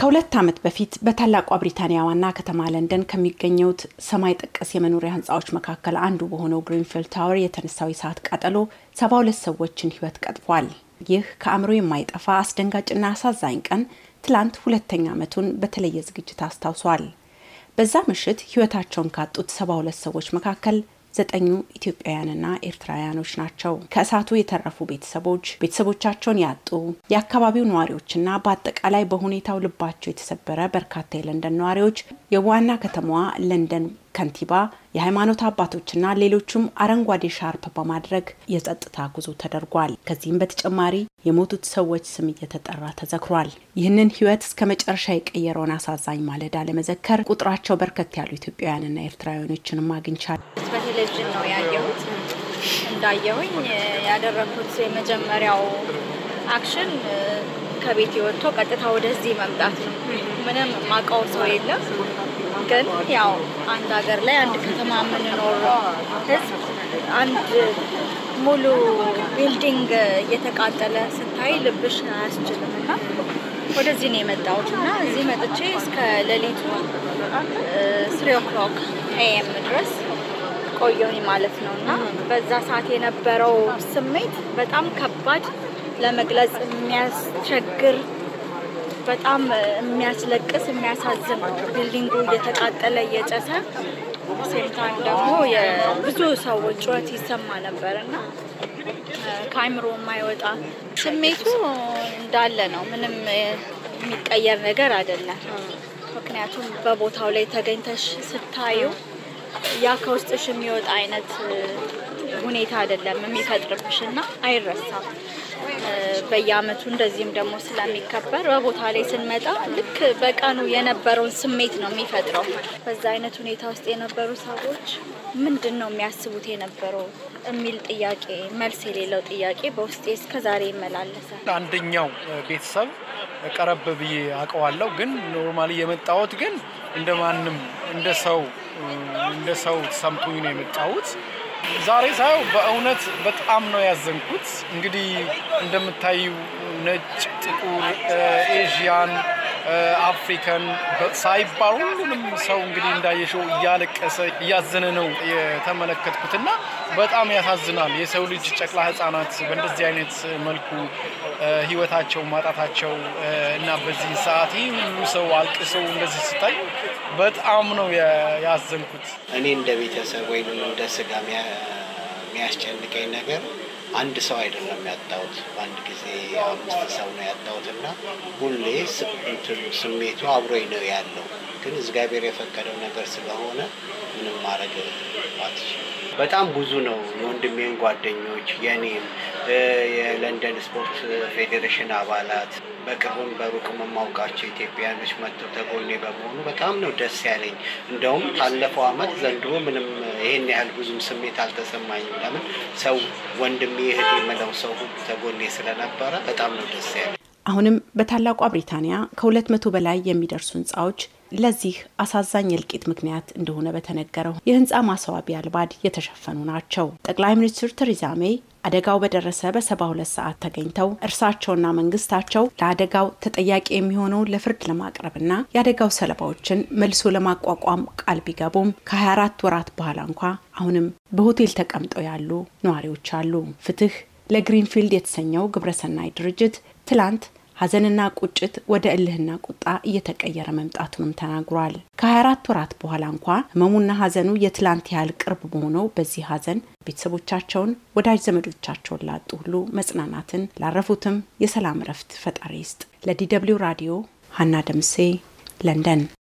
ከሁለት ዓመት በፊት በታላቋ ብሪታንያ ዋና ከተማ ለንደን ከሚገኘውት ሰማይ ጠቀስ የመኖሪያ ህንፃዎች መካከል አንዱ በሆነው ግሪንፊልድ ታወር የተነሳው የሰዓት ቃጠሎ ሰባ ሁለት ሰዎችን ህይወት ቀጥፏል። ይህ ከአእምሮ የማይጠፋ አስደንጋጭና አሳዛኝ ቀን ትላንት ሁለተኛ ዓመቱን በተለየ ዝግጅት አስታውሷል። በዛ ምሽት ህይወታቸውን ካጡት ሰባ ሁለት ሰዎች መካከል ዘጠኙ ኢትዮጵያውያንና ኤርትራውያኖች ናቸው። ከእሳቱ የተረፉ ቤተሰቦች፣ ቤተሰቦቻቸውን ያጡ የአካባቢው ነዋሪዎችና በአጠቃላይ በሁኔታው ልባቸው የተሰበረ በርካታ የለንደን ነዋሪዎች የዋና ከተማዋ ለንደን ከንቲባ፣ የሃይማኖት አባቶችና ሌሎቹም አረንጓዴ ሻርፕ በማድረግ የጸጥታ ጉዞ ተደርጓል። ከዚህም በተጨማሪ የሞቱት ሰዎች ስም እየተጠራ ተዘክሯል። ይህንን ሕይወት እስከ መጨረሻ የቀየረውን አሳዛኝ ማለዳ ለመዘከር ቁጥራቸው በርከት ያሉ ኢትዮጵያውያንና ኤርትራውያኖችንም አግኝቻል። በቴሌቪዥን ነው ያየሁት። እንዳየሁኝ ያደረኩት የመጀመሪያው አክሽን ከቤት ወጥቶ ቀጥታ ወደዚህ መምጣት ነው። ምንም ማቀው ሰው የለም። ግን ያው አንድ ሀገር ላይ አንድ ከተማ የምንኖር ህዝብ አንድ ሙሉ ቢልዲንግ እየተቃጠለ ስታይ ልብሽ አያስችልም እና ወደዚህ ነው የመጣሁት እና እዚህ መጥቼ እስከ ሌሊቱ ስሪ ኦክሎክ ኤም ድረስ ቆየሁኝ ማለት ነው እና በዛ ሰዓት የነበረው ስሜት በጣም ከባድ፣ ለመግለጽ የሚያስቸግር፣ በጣም የሚያስለቅስ፣ የሚያሳዝን ቢልዲንጉ እየተቃጠለ እየጨሰ ሴምታን ደግሞ የብዙ ሰዎች ጩኸት ይሰማ ነበር እና ከአይምሮ የማይወጣ ስሜቱ እንዳለ ነው። ምንም የሚቀየር ነገር አይደለም። ምክንያቱም በቦታው ላይ ተገኝተሽ ስታዩ ያ ከውስጥሽ የሚወጣ አይነት ሁኔታ አይደለም የሚፈጥርብሽ እና አይረሳም። በየአመቱ እንደዚህም ደግሞ ስለሚከበር በቦታ ላይ ስንመጣ ልክ በቀኑ የነበረውን ስሜት ነው የሚፈጥረው። በዛ አይነት ሁኔታ ውስጥ የነበሩ ሰዎች ምንድን ነው የሚያስቡት የነበረው የሚል ጥያቄ መልስ የሌለው ጥያቄ በውስጤ እስከዛሬ ይመላለሳል። አንደኛው ቤተሰብ ቀረብ ብዬ አውቀዋለሁ። ግን ኖርማሊ የመጣሁት ግን እንደ ማንም እንደ ሰው እንደ ሰው ሰምቶኝ ነው የመጣሁት። ዛሬ ሳየው በእውነት በጣም ነው ያዘንኩት። እንግዲህ እንደምታዩ ነጭ፣ ጥቁር፣ ኤዥያን፣ አፍሪካን ሳይባል ሁሉንም ሰው እንግዲህ እንዳየሸው እያለቀሰ እያዘነ ነው የተመለከትኩትና በጣም ያሳዝናል። የሰው ልጅ ጨቅላ ህጻናት በእንደዚህ አይነት መልኩ ህይወታቸው ማጣታቸው እና በዚህ ሰዓት ይህ ሁሉ ሰው አልቅሶ እንደዚህ ስታይ በጣም ነው ያዘንኩት። እኔ እንደ ቤተሰብ ወይም እንደ ስጋ የሚያስጨንቀኝ ነገር አንድ ሰው አይደለም ያጣሁት፣ በአንድ ጊዜ አምስት ሰው ነው ያጣሁት እና ሁሌ ስሜቱ አብሮኝ ነው ያለው። ግን እግዚአብሔር የፈቀደው ነገር ስለሆነ ምንም ማድረግ አለባት። በጣም ብዙ ነው የወንድሜን ጓደኞች የኔም የለንደን ስፖርት ፌዴሬሽን አባላት በቅርብም በሩቅ የማውቃቸው ኢትዮጵያኖች መጥተው ተጎኔ በመሆኑ በጣም ነው ደስ ያለኝ። እንደውም ካለፈው ዓመት ዘንድሮ ምንም ይህን ያህል ብዙም ስሜት አልተሰማኝም። ለምን ሰው ወንድሜ እህት የምለው ሰው ተጎኔ ስለነበረ በጣም ነው ደስ ያለኝ። አሁንም በታላቋ ብሪታንያ ከሁለት መቶ በላይ የሚደርሱ ህንፃዎች ለዚህ አሳዛኝ እልቂት ምክንያት እንደሆነ በተነገረው የህንፃ ማስዋቢያ ልባድ የተሸፈኑ ናቸው። ጠቅላይ ሚኒስትር ቴሬዛ ሜይ አደጋው በደረሰ በሰባ ሁለት ሰዓት ተገኝተው እርሳቸውና መንግስታቸው ለአደጋው ተጠያቂ የሚሆነው ለፍርድ ለማቅረብና የአደጋው ሰለባዎችን መልሶ ለማቋቋም ቃል ቢገቡም ከ24 ወራት በኋላ እንኳ አሁንም በሆቴል ተቀምጠው ያሉ ነዋሪዎች አሉ። ፍትህ ለግሪንፊልድ የተሰኘው ግብረሰናይ ድርጅት ትላንት ሀዘንና ቁጭት ወደ እልህና ቁጣ እየተቀየረ መምጣቱንም ተናግሯል። ከ24 ወራት በኋላ እንኳ ህመሙና ሀዘኑ የትላንት ያህል ቅርብ በሆነው በዚህ ሀዘን ቤተሰቦቻቸውን፣ ወዳጅ ዘመዶቻቸውን ላጡ ሁሉ መጽናናትን፣ ላረፉትም የሰላም እረፍት ፈጣሪ ይስጥ። ለዲ ደብልዩ ራዲዮ ሀና ደምሴ ለንደን